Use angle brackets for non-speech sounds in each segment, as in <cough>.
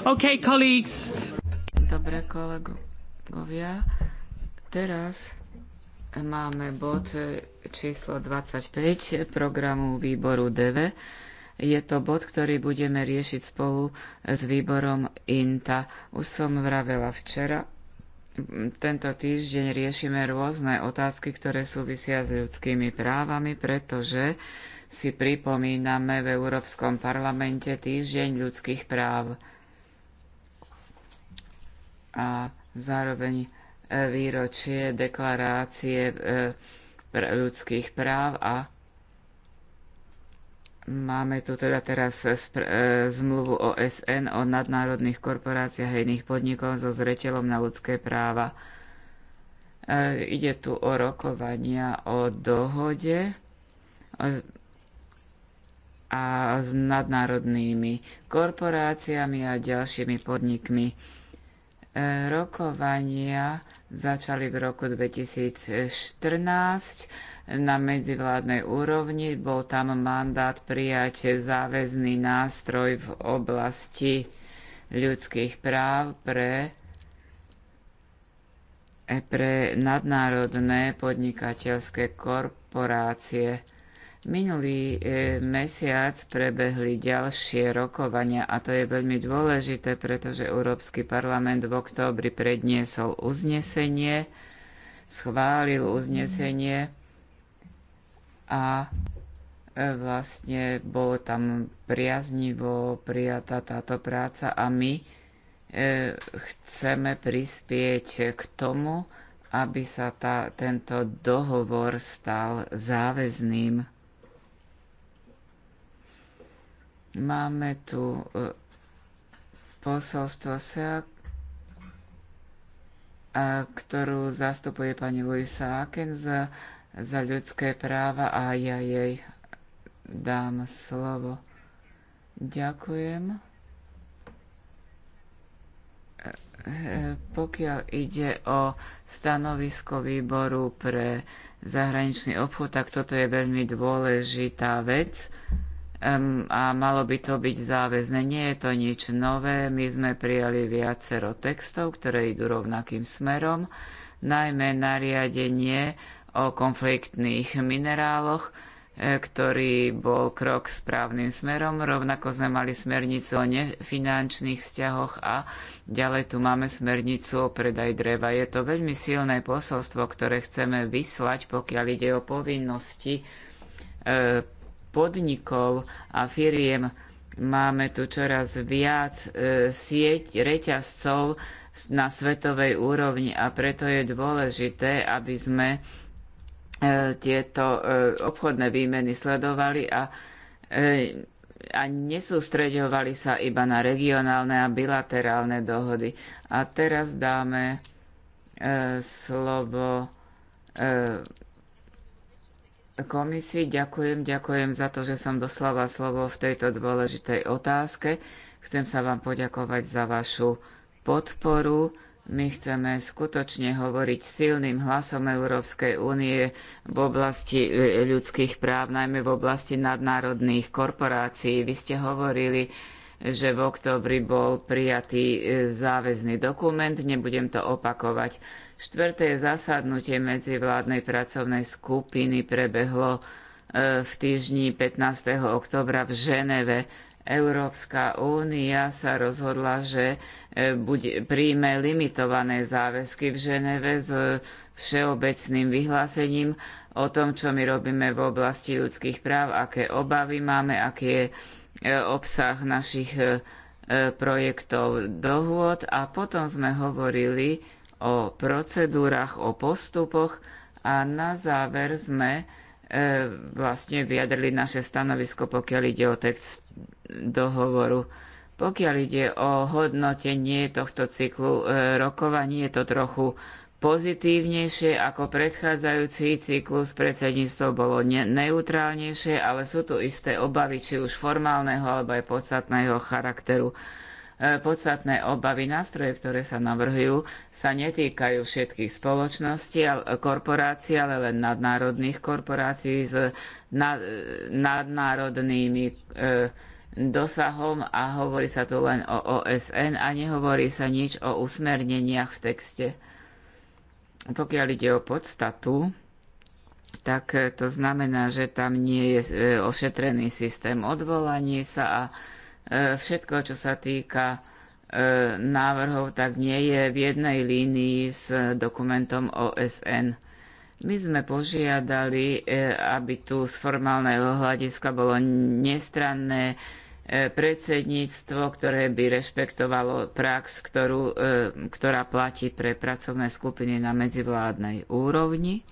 Okay, colleagues. Dobre, kolegovia. Teraz máme bod číslo 25 programu výboru DV. Je to bod, ktorý budeme riešiť spolu s výborom INTA. Už som vravela včera, tento týždeň riešime rôzne otázky, ktoré súvisia s ľudskými právami, pretože si pripomíname v Európskom parlamente týždeň ľudských práv a zároveň e, výročie deklarácie e, ľudských práv a máme tu teda teraz e, zmluvu OSN o nadnárodných korporáciách a iných podnikov so zreteľom na ľudské práva. Ide tu o rokovania o dohode a s nadnárodnými korporáciami a ďalšími podnikmi Rokovania začali v roku 2014 na medzivládnej úrovni. Bol tam mandát prijať záväzný nástroj v oblasti ľudských práv pre, pre nadnárodné podnikateľské korporácie. Minulý e, mesiac prebehli ďalšie rokovania a to je veľmi dôležité, pretože Európsky parlament v októbri predniesol uznesenie, schválil uznesenie a e, vlastne bolo tam priaznivo prijatá táto práca a my e, chceme prispieť k tomu, aby sa tá, tento dohovor stal záväzným Máme tu e, posolstvo SEAK, ktorú zastupuje pani Luisa Akens za, za ľudské práva a ja jej dám slovo. Ďakujem. E, e, pokiaľ ide o stanovisko výboru pre zahraničný obchod, tak toto je veľmi dôležitá vec a malo by to byť záväzne. Nie je to nič nové. My sme prijali viacero textov, ktoré idú rovnakým smerom, najmä nariadenie o konfliktných mineráloch, e, ktorý bol krok správnym smerom. Rovnako sme mali smernicu o nefinančných vzťahoch a ďalej tu máme smernicu o predaj dreva. Je to veľmi silné posolstvo, ktoré chceme vyslať, pokiaľ ide o povinnosti e, podnikov a firiem. Máme tu čoraz viac e, sieť reťazcov na svetovej úrovni a preto je dôležité, aby sme e, tieto e, obchodné výmeny sledovali a, a nesústreďovali sa iba na regionálne a bilaterálne dohody. A teraz dáme slovo komisii. Ďakujem, ďakujem za to, že som doslala slovo v tejto dôležitej otázke. Chcem sa vám poďakovať za vašu podporu. My chceme skutočne hovoriť silným hlasom Európskej únie v oblasti e, ľudských práv, najmä v oblasti nadnárodných korporácií. Vy ste hovorili, že v oktobri bol prijatý e, záväzný dokument, nebudem to opakovať. Štvrté zasadnutie medzivládnej pracovnej skupiny prebehlo e, v týždni 15. oktobra v Ženeve. Európska únia sa rozhodla, že e, bude, príjme limitované záväzky v Ženeve s všeobecným vyhlásením o tom, čo my robíme v oblasti ľudských práv, aké obavy máme, aký je E, obsah našich e, e, projektov dohôd a potom sme hovorili o procedúrach, o postupoch a na záver sme vlastne vyjadrili naše stanovisko, pokiaľ ide o text dohovoru. Pokiaľ ide o hodnotenie tohto cyklu rokovaní, je to trochu pozitívnejšie ako predchádzajúci cyklus. Predsedníctvo bolo ne neutrálnejšie, ale sú tu isté obavy, či už formálneho alebo aj podstatného charakteru. E, podstatné obavy nástroje, ktoré sa navrhujú, sa netýkajú všetkých spoločností, a korporácií, ale len nadnárodných korporácií s na, nadnárodnými e, dosahom a hovorí sa tu len o OSN a nehovorí sa nič o usmerneniach v texte. Pokiaľ ide o podstatu, tak to znamená, že tam nie je e, ošetrený systém odvolaní sa a e, všetko, čo sa týka e, návrhov, tak nie je v jednej línii s dokumentom OSN. My sme požiadali, aby tu z formálneho hľadiska bolo nestranné E, predsedníctvo, ktoré by rešpektovalo prax, ktorú, e, ktorá platí pre pracovné skupiny na medzivládnej úrovni.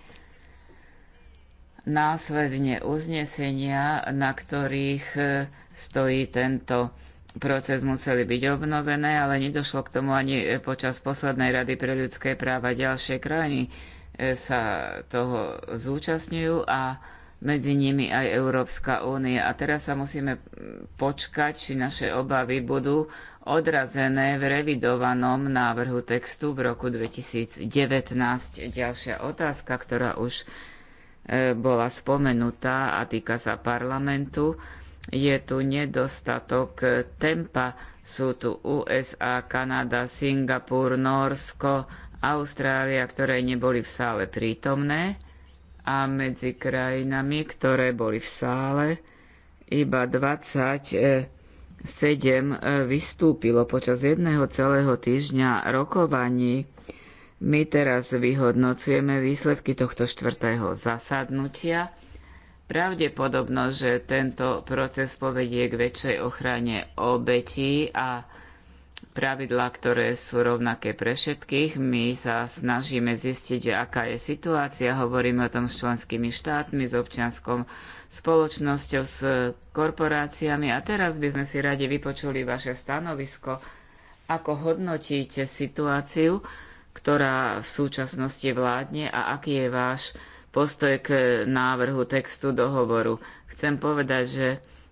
Následne uznesenia, na ktorých e, stojí tento proces, museli byť obnovené, ale nedošlo k tomu ani počas poslednej Rady pre ľudské práva. Ďalšie krajiny sa toho zúčastňujú a medzi nimi aj Európska únia. A teraz sa musíme počkať, či naše obavy budú odrazené v revidovanom návrhu textu v roku 2019. Ďalšia otázka, ktorá už e, bola spomenutá a týka sa parlamentu. Je tu nedostatok tempa. Sú tu USA, Kanada, Singapur, Norsko, Austrália, ktoré neboli v sále prítomné a medzi krajinami, ktoré boli v sále, iba 27 e, vystúpilo počas jedného celého týždňa rokovaní. My teraz vyhodnocujeme výsledky tohto štvrtého zasadnutia. Pravdepodobno, že tento proces povedie k väčšej ochrane obetí a pravidlá, ktoré sú rovnaké pre všetkých. My sa snažíme zistiť, aká je situácia. Hovoríme o tom s členskými štátmi, s občianskou spoločnosťou, s korporáciami. A teraz by sme si radi vypočuli vaše stanovisko, ako hodnotíte situáciu, ktorá v súčasnosti vládne a aký je váš postoj k návrhu textu dohovoru. Chcem povedať, že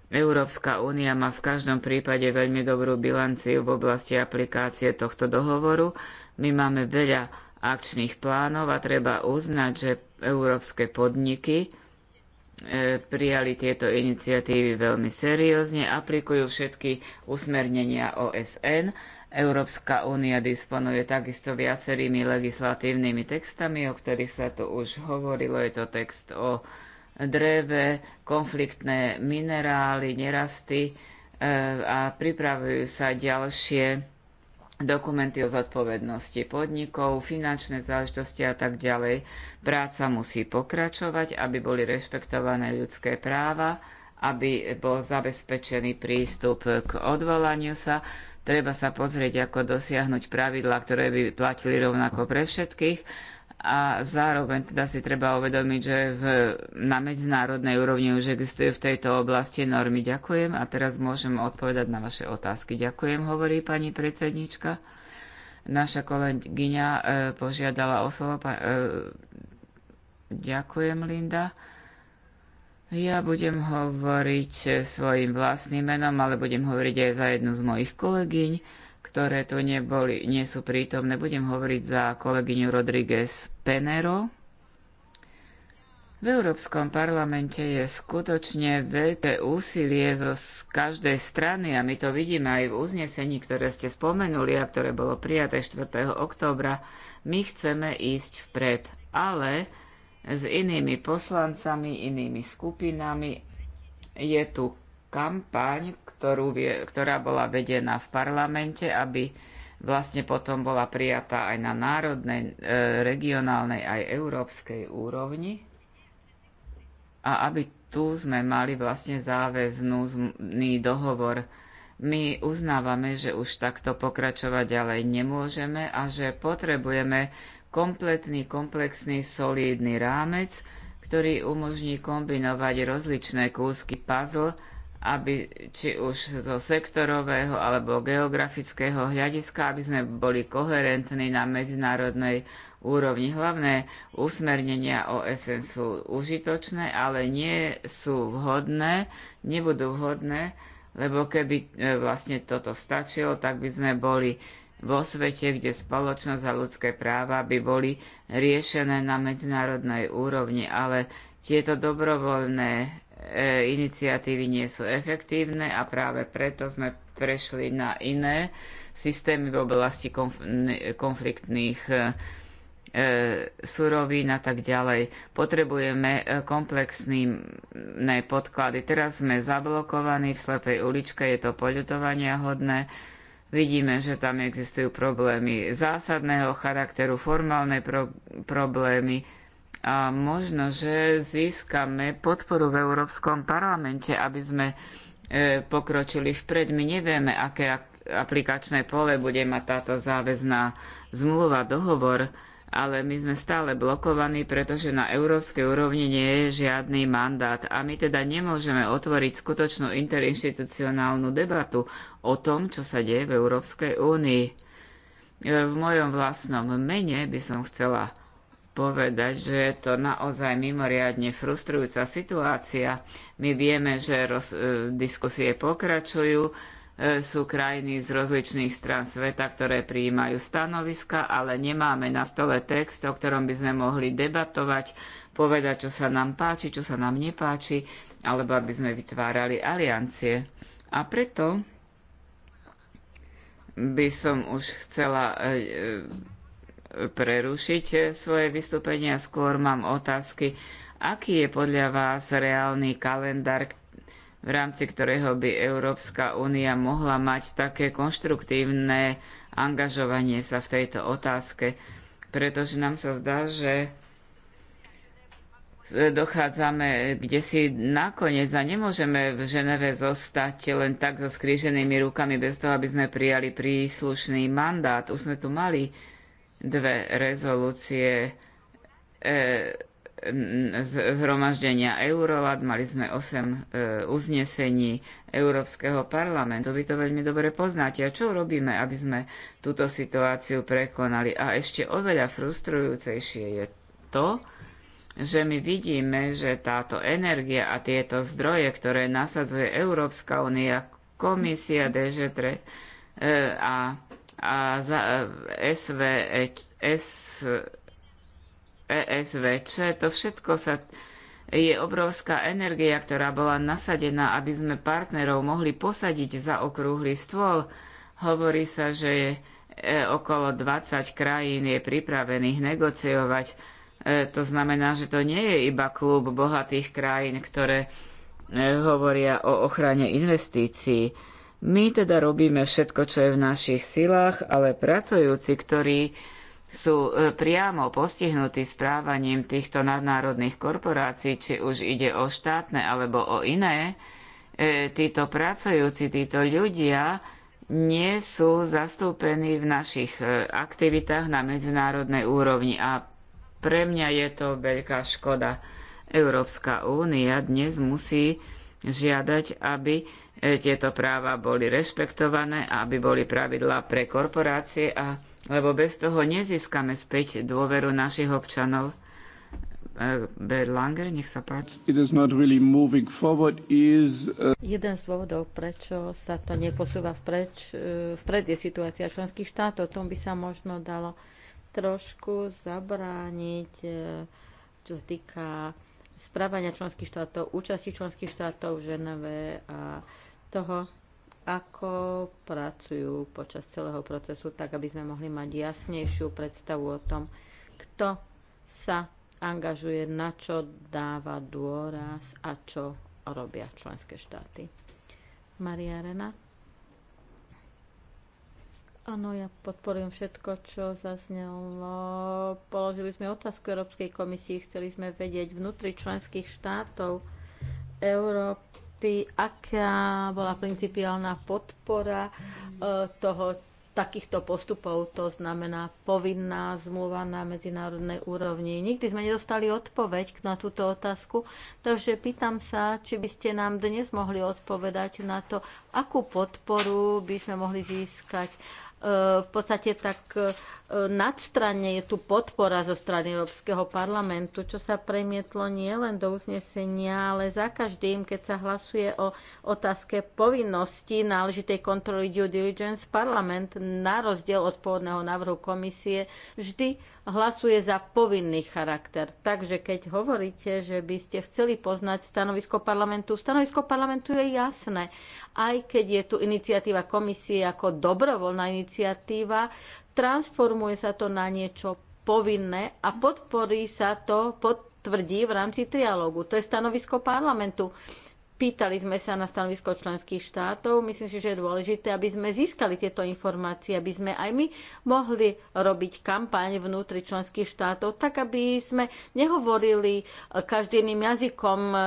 Európska únia má v každom prípade veľmi dobrú bilanciu v oblasti aplikácie tohto dohovoru. My máme veľa akčných plánov a treba uznať, že európske podniky e, prijali tieto iniciatívy veľmi seriózne, aplikujú všetky usmernenia OSN. Európska únia disponuje takisto viacerými legislatívnymi textami, o ktorých sa tu už hovorilo. Je to text o dreve, konfliktné minerály, nerasty e, a pripravujú sa ďalšie dokumenty o zodpovednosti podnikov, finančné záležitosti a tak ďalej. Práca musí pokračovať, aby boli rešpektované ľudské práva, aby bol zabezpečený prístup k odvolaniu sa. Treba sa pozrieť, ako dosiahnuť pravidlá, ktoré by platili rovnako pre všetkých a zároveň teda si treba uvedomiť, že v, na medzinárodnej úrovni už existujú v tejto oblasti normy. Ďakujem a teraz môžem odpovedať na vaše otázky. Ďakujem, hovorí pani predsednička. Naša kolegyňa e, požiadala o slovo. Pa, e, ďakujem, Linda. Ja budem hovoriť svojim vlastným menom, ale budem hovoriť aj za jednu z mojich kolegyň ktoré tu neboli, nie sú prítomné. Budem hovoriť za kolegyňu Rodríguez Penero. V Európskom parlamente je skutočne veľké úsilie zo z každej strany a my to vidíme aj v uznesení, ktoré ste spomenuli a ktoré bolo prijaté 4. októbra. My chceme ísť vpred, ale s inými poslancami, inými skupinami je tu kampaň, ktorú, ktorá bola vedená v parlamente, aby vlastne potom bola prijatá aj na národnej, e, regionálnej, aj európskej úrovni. A aby tu sme mali vlastne záväzný dohovor. My uznávame, že už takto pokračovať ďalej nemôžeme a že potrebujeme kompletný, komplexný, solídny rámec, ktorý umožní kombinovať rozličné kúsky puzzle, aby či už zo sektorového alebo geografického hľadiska, aby sme boli koherentní na medzinárodnej úrovni. Hlavné usmernenia OSN sú užitočné, ale nie sú vhodné, nebudú vhodné, lebo keby e, vlastne toto stačilo, tak by sme boli vo svete, kde spoločnosť a ľudské práva by boli riešené na medzinárodnej úrovni, ale tieto dobrovoľné E, iniciatívy nie sú efektívne a práve preto sme prešli na iné systémy v oblasti konf- konfliktných e, e, surovín a tak ďalej. Potrebujeme e, komplexné podklady. Teraz sme zablokovaní v slepej uličke, je to poľutovania hodné. Vidíme, že tam existujú problémy zásadného charakteru, formálne pro- problémy, a možno, že získame podporu v Európskom parlamente, aby sme e, pokročili vpred. My nevieme, aké aplikačné pole bude mať táto záväzná zmluva, dohovor, ale my sme stále blokovaní, pretože na európskej úrovni nie je žiadny mandát a my teda nemôžeme otvoriť skutočnú interinštitucionálnu debatu o tom, čo sa deje v Európskej únii. E, v mojom vlastnom mene by som chcela povedať, že je to naozaj mimoriadne frustrujúca situácia. My vieme, že roz, e, diskusie pokračujú, e, sú krajiny z rozličných strán sveta, ktoré prijímajú stanoviska, ale nemáme na stole text, o ktorom by sme mohli debatovať, povedať, čo sa nám páči, čo sa nám nepáči, alebo aby sme vytvárali aliancie. A preto by som už chcela e, e prerušiť eh, svoje vystúpenie a skôr mám otázky. Aký je podľa vás reálny kalendár, v rámci ktorého by Európska únia mohla mať také konštruktívne angažovanie sa v tejto otázke, pretože nám sa zdá, že dochádzame kde si nakoniec a nemôžeme v Ženeve zostať len tak so skríženými rukami bez toho, aby sme prijali príslušný mandát. Už sme tu mali dve rezolúcie e, zhromaždenia Eurolat, mali sme 8 e, uznesení Európskeho parlamentu. Vy to veľmi dobre poznáte. A čo robíme, aby sme túto situáciu prekonali? A ešte oveľa frustrujúcejšie je to, že my vidíme, že táto energia a tieto zdroje, ktoré nasadzuje Európska únia, komisia, DŽ3 e, a a za SV eh, S, ESVČ, to všetko sa je obrovská energia, ktorá bola nasadená, aby sme partnerov mohli posadiť za okrúhly stôl. Hovorí sa, že eh, okolo 20 krajín je pripravených negociovať. Eh, to znamená, že to nie je iba klub bohatých krajín, ktoré hovoria o ochrane investícií my teda robíme všetko, čo je v našich silách, ale pracujúci, ktorí sú e, priamo postihnutí správaním týchto nadnárodných korporácií, či už ide o štátne alebo o iné, e, títo pracujúci, títo ľudia nie sú zastúpení v našich e, aktivitách na medzinárodnej úrovni a pre mňa je to veľká škoda. Európska únia dnes musí žiadať, aby E, tieto práva boli rešpektované, aby boli pravidlá pre korporácie, a, lebo bez toho nezískame späť dôveru našich občanov. E, Berlanger, nech sa páči. Really forward, is, uh... Jeden z dôvodov, prečo sa to neposúva vpreč, e, vpred, je situácia členských štátov. Tom by sa možno dalo trošku zabrániť, čo sa týka správania členských štátov, účasti členských štátov v Ženeve a toho, ako pracujú počas celého procesu, tak aby sme mohli mať jasnejšiu predstavu o tom, kto sa angažuje, na čo dáva dôraz a čo robia členské štáty. Maria Rena. Áno, ja podporujem všetko, čo zaznelo. Položili sme otázku Európskej komisii, chceli sme vedieť vnútri členských štátov Európy princípy, aká bola principiálna podpora e, toho, takýchto postupov, to znamená povinná zmluva na medzinárodnej úrovni. Nikdy sme nedostali odpoveď na túto otázku, takže pýtam sa, či by ste nám dnes mohli odpovedať na to, akú podporu by sme mohli získať Eh, v podstate tak eh, nadstranne je tu podpora zo strany Európskeho parlamentu, čo sa premietlo nielen do uznesenia, ale za každým, keď sa hlasuje o otázke povinnosti náležitej kontroly due diligence, parlament na rozdiel od pôvodného návrhu komisie vždy hlasuje za povinný charakter. Takže keď hovoríte, že by ste chceli poznať stanovisko parlamentu, stanovisko parlamentu je jasné. Aj keď je tu iniciatíva komisie ako dobrovoľná iniciatíva, transformuje sa to na niečo povinné a podporí sa to, potvrdí v rámci trialógu. To je stanovisko parlamentu. Pýtali sme sa na stanovisko členských štátov. Myslím si, že je dôležité, aby sme získali tieto informácie, aby sme aj my mohli robiť kampaň vnútri členských štátov, tak aby sme nehovorili e, každým jazykom e,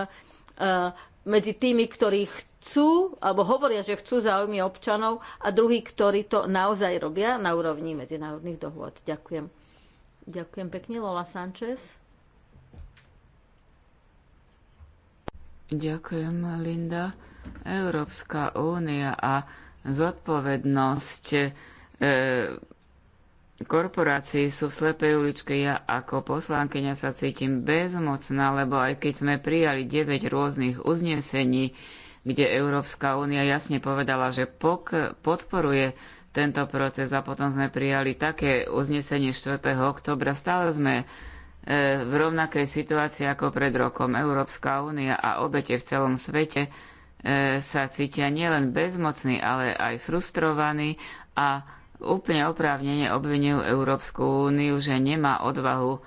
medzi tými, ktorí chcú, alebo hovoria, že chcú záujmy občanov a druhí, ktorí to naozaj robia na úrovni medzinárodných dohôd. Ďakujem. Ďakujem pekne, Lola Sanchez. Ďakujem, Linda. Európska únia a zodpovednosť e, korporácií sú v slepej uličke. Ja ako poslankyňa sa cítim bezmocná, lebo aj keď sme prijali 9 rôznych uznesení, kde Európska únia jasne povedala, že pok- podporuje tento proces a potom sme prijali také uznesenie 4. oktobra, stále sme E, v rovnakej situácii ako pred rokom. Európska únia a obete v celom svete e, sa cítia nielen bezmocní, ale aj frustrovaní a úplne oprávnene obvinujú Európsku úniu, že nemá odvahu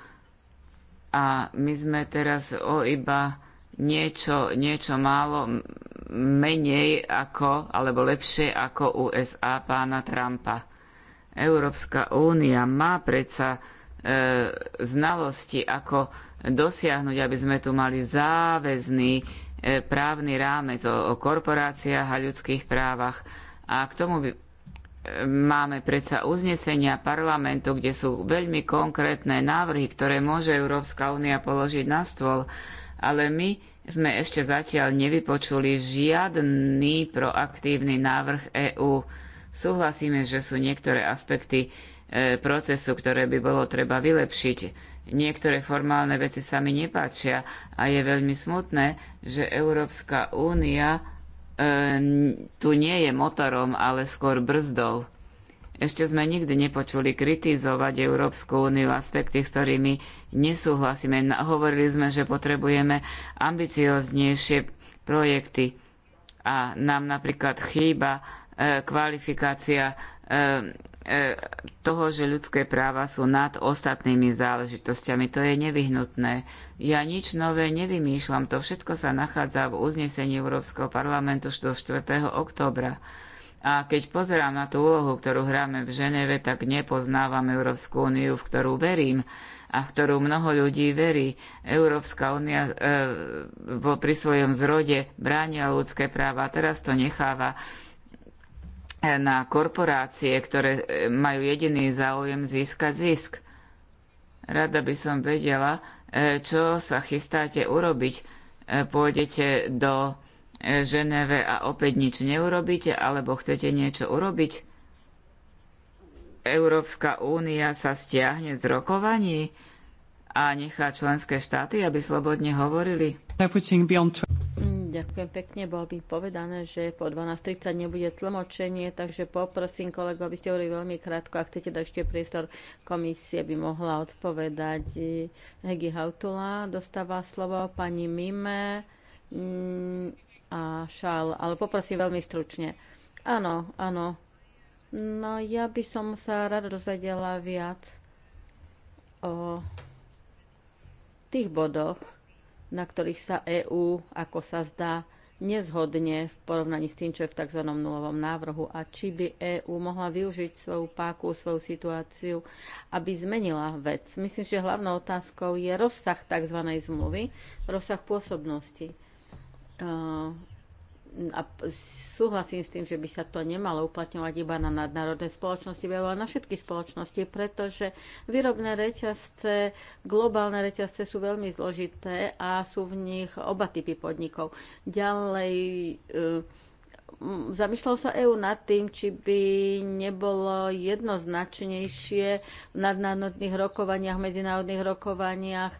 a my sme teraz o iba niečo, niečo málo menej ako, alebo lepšie ako USA pána Trumpa. Európska únia má predsa E, znalosti, ako dosiahnuť, aby sme tu mali záväzný e, právny rámec o, o korporáciách a ľudských právach. A k tomu by, e, máme predsa uznesenia parlamentu, kde sú veľmi konkrétne návrhy, ktoré môže Európska únia položiť na stôl. Ale my sme ešte zatiaľ nevypočuli žiadny proaktívny návrh EÚ. Súhlasíme, že sú niektoré aspekty E, procesu, ktoré by bolo treba vylepšiť. Niektoré formálne veci sa mi nepáčia a je veľmi smutné, že Európska únia e, tu nie je motorom, ale skôr brzdou. Ešte sme nikdy nepočuli kritizovať Európsku úniu aspekty, s ktorými nesúhlasíme. Hovorili sme, že potrebujeme ambicioznejšie projekty a nám napríklad chýba e, kvalifikácia E, toho, že ľudské práva sú nad ostatnými záležitosťami. To je nevyhnutné. Ja nič nové nevymýšľam. To všetko sa nachádza v uznesení Európskeho parlamentu do 4. októbra. A keď pozerám na tú úlohu, ktorú hráme v Ženeve, tak nepoznávam Európsku úniu, v ktorú verím a v ktorú mnoho ľudí verí. Európska únia e, pri svojom zrode bránia ľudské práva a teraz to necháva na korporácie, ktoré e, majú jediný záujem získať zisk. Rada by som vedela, e, čo sa chystáte urobiť. E, pôjdete do Ženeve a opäť nič neurobíte, alebo chcete niečo urobiť? Európska únia sa stiahne z rokovaní a nechá členské štáty, aby slobodne hovorili. Ďakujem pekne. Bolo by povedané, že po 12.30 nebude tlmočenie, takže poprosím kolegov, aby ste hovorili veľmi krátko. Ak chcete dať ešte priestor, komisie by mohla odpovedať. Hegi Hautula dostáva slovo, pani Mime mm, a Šal, ale poprosím veľmi stručne. Áno, áno. No ja by som sa rada dozvedela viac o tých bodoch, na ktorých sa EÚ, ako sa zdá, nezhodne v porovnaní s tým, čo je v tzv. nulovom návrhu a či by EÚ mohla využiť svoju páku, svoju situáciu, aby zmenila vec. Myslím, že hlavnou otázkou je rozsah tzv. zmluvy, rozsah pôsobnosti a súhlasím s tým, že by sa to nemalo uplatňovať iba na nadnárodné spoločnosti, ale na všetky spoločnosti, pretože výrobné reťazce, globálne reťazce sú veľmi zložité a sú v nich oba typy podnikov. Ďalej uh, Zamýšľalo sa EÚ nad tým, či by nebolo jednoznačnejšie v nadnárodných rokovaniach, medzinárodných rokovaniach,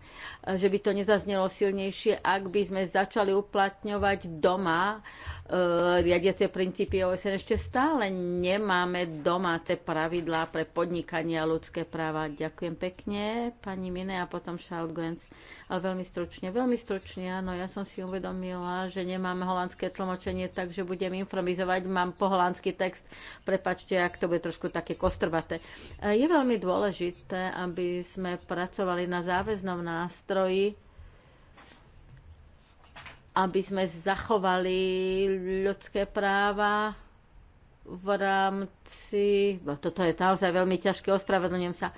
že by to nezaznelo silnejšie, ak by sme začali uplatňovať doma Eh, riadiace princípy OSN. Ešte stále nemáme domáce pravidlá pre podnikanie a ľudské práva. Ďakujem pekne, pani Mine a potom Schalgens. Ale veľmi stručne, veľmi stručne, áno, ja som si uvedomila, že nemáme holandské tlmočenie, takže budem informizovať, mám po holandský text. Prepačte, ak to bude trošku také kostrbaté. Eh, je veľmi dôležité, aby sme pracovali na záväznom nástroji, aby sme zachovali ľudské práva v rámci... No, toto je naozaj veľmi ťažké, ospravedlňujem sa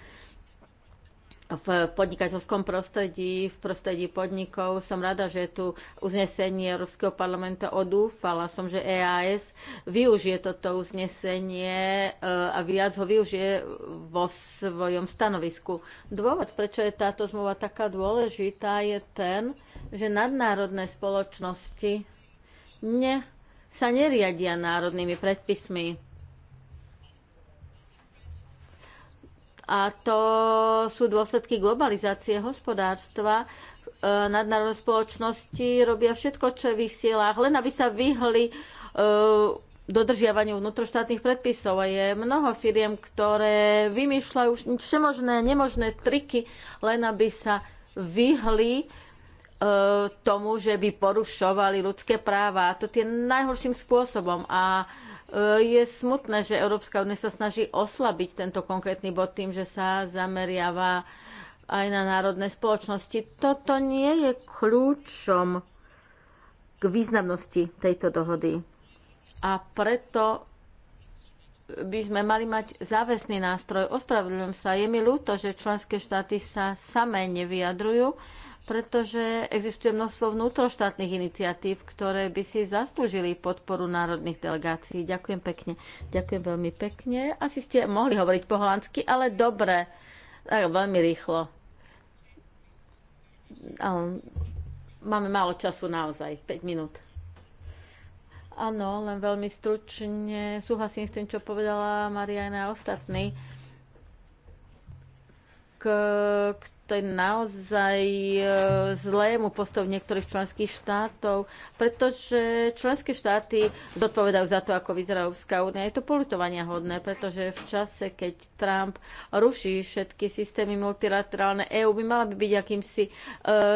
v podnikateľskom prostredí, v prostredí podnikov. Som rada, že je tu uznesenie Európskeho parlamenta odúfala som, že EAS využije toto uznesenie eh, a viac ho využije vo svojom stanovisku. Dôvod, prečo je táto zmluva taká dôležitá, je ten, že nadnárodné spoločnosti ne, sa neriadia národnými predpismi A to sú dôsledky globalizácie hospodárstva. E, nadnárodné spoločnosti robia všetko, čo je v ich silách, len aby sa vyhli e, dodržiavaniu vnútroštátnych predpisov. A je mnoho firiem, ktoré vymýšľajú všemožné, nemožné triky, len aby sa vyhli e, tomu, že by porušovali ľudské práva. A to tie najhorším spôsobom. A e, E, je smutné, že Európska únia sa snaží oslabiť tento konkrétny bod tým, že sa zameriava aj na národné spoločnosti. Toto nie je kľúčom k významnosti tejto dohody. A preto by sme mali mať záväzný nástroj. Ospravedlňujem sa, je mi ľúto, že členské štáty sa samé nevyjadrujú pretože existuje množstvo vnútroštátnych iniciatív, ktoré by si zaslúžili podporu národných delegácií. Ďakujem pekne. Ďakujem veľmi pekne. Asi ste mohli hovoriť po holandsky, ale dobre. Tak, veľmi rýchlo. Máme málo času naozaj, 5 minút. Áno, len veľmi stručne súhlasím s tým, čo povedala Mariana a ostatní. K, k to je naozaj e, zlému postoju niektorých členských štátov, pretože členské štáty zodpovedajú za to, ako vyzerá Európska únia. Je to politovania hodné, pretože v čase, keď Trump ruší všetky systémy multilaterálne, EÚ by mala by byť akýmsi e,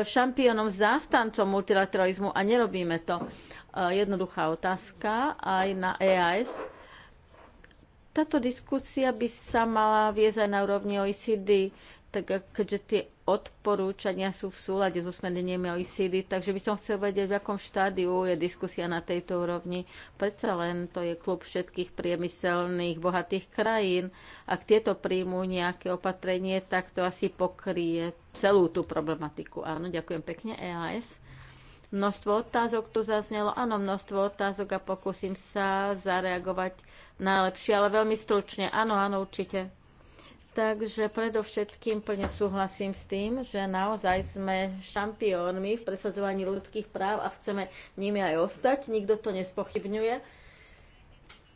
šampiónom, zástancom multilateralizmu a nerobíme to. E, jednoduchá otázka aj na EAS. Táto diskusia by sa mala viesť aj na úrovni OECD tak keďže tie odporúčania sú v súlade s so usmerneniami OECD, takže by som chcel vedieť, v akom štádiu je diskusia na tejto úrovni. Predsa len to je klub všetkých priemyselných bohatých krajín. Ak tieto príjmú nejaké opatrenie, tak to asi pokrie celú tú problematiku. Áno, ďakujem pekne, EAS. Množstvo otázok tu zaznelo, áno, množstvo otázok a pokúsim sa zareagovať najlepšie, ale veľmi stručne. Áno, áno, určite Takže predovšetkým plne súhlasím s tým, že naozaj sme šampiónmi v presadzovaní ľudských práv a chceme nimi aj ostať. Nikto to nespochybňuje.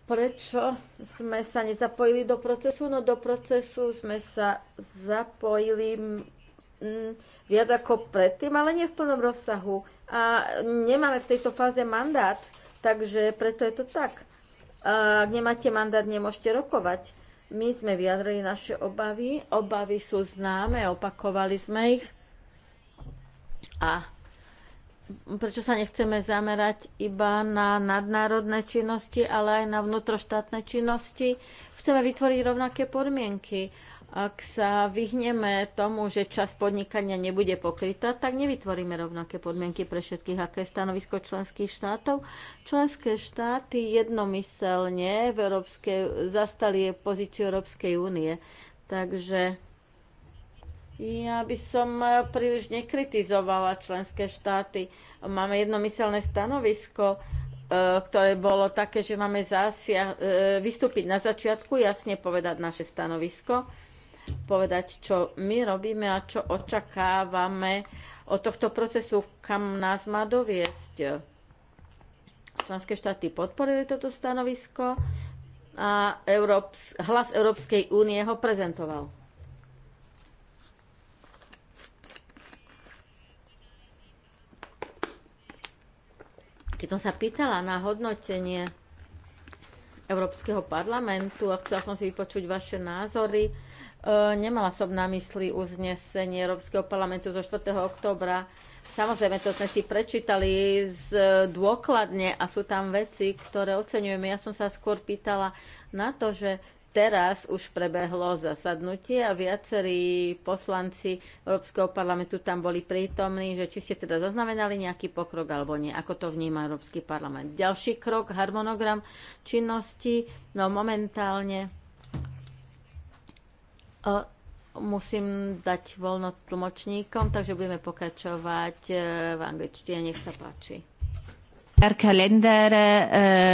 Prečo sme sa nezapojili do procesu? No do procesu sme sa zapojili viac ako predtým, ale nie v plnom rozsahu. A nemáme v tejto fáze mandát, takže preto je to tak. Ak nemáte mandát, nemôžete rokovať my sme vyjadrili naše obavy, obavy sú známe, opakovali sme ich. A prečo sa nechceme zamerať iba na nadnárodné činnosti, ale aj na vnútroštátne činnosti? Chceme vytvoriť rovnaké podmienky ak sa vyhneme tomu, že čas podnikania nebude pokrytá, tak nevytvoríme rovnaké podmienky pre všetkých, aké je stanovisko členských štátov. Členské štáty jednomyselne v Európskej, zastali pozíciu Európskej únie. Takže ja by som eh, príliš nekritizovala členské štáty. Máme jednomyselné stanovisko eh, ktoré bolo také, že máme zásia, eh, vystúpiť na začiatku, jasne povedať naše stanovisko povedať, čo my robíme a čo očakávame od tohto procesu, kam nás má doviesť. Členské štáty podporili toto stanovisko a Európs- hlas Európskej únie ho prezentoval. Keď som sa pýtala na hodnotenie Európskeho parlamentu a chcela som si vypočuť vaše názory, E, nemala som na mysli uznesenie Európskeho parlamentu zo 4. októbra. Samozrejme, to sme si prečítali z, e, dôkladne a sú tam veci, ktoré oceňujeme. Ja som sa skôr pýtala na to, že teraz už prebehlo zasadnutie a viacerí poslanci Európskeho parlamentu tam boli prítomní, že či ste teda zaznamenali nejaký pokrok alebo nie. Ako to vníma Európsky parlament? Ďalší krok, harmonogram činnosti, no momentálne Musím dať voľno tlmočníkom, takže budeme pokračovať e, v angličtine. Nech sa páči. Our calendar uh,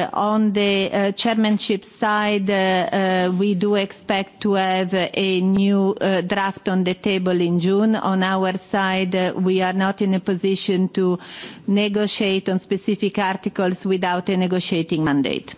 uh, on the uh, chairmanship side, uh, uh, we do expect to have a new uh, draft on the table in June. On our side, uh, we are not in a position to negotiate on specific articles without a negotiating mandate.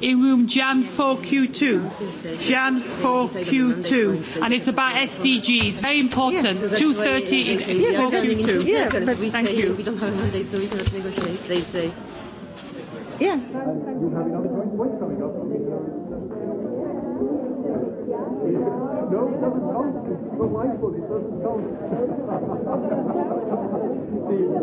in room Jan 4Q2. Jan 4Q2. And it's about SDGs. Very important. 2.30 in 4Q2. Yeah, but thank you. We don't have a so we cannot negotiate, they say. Yeah. No, no, no. <laughs>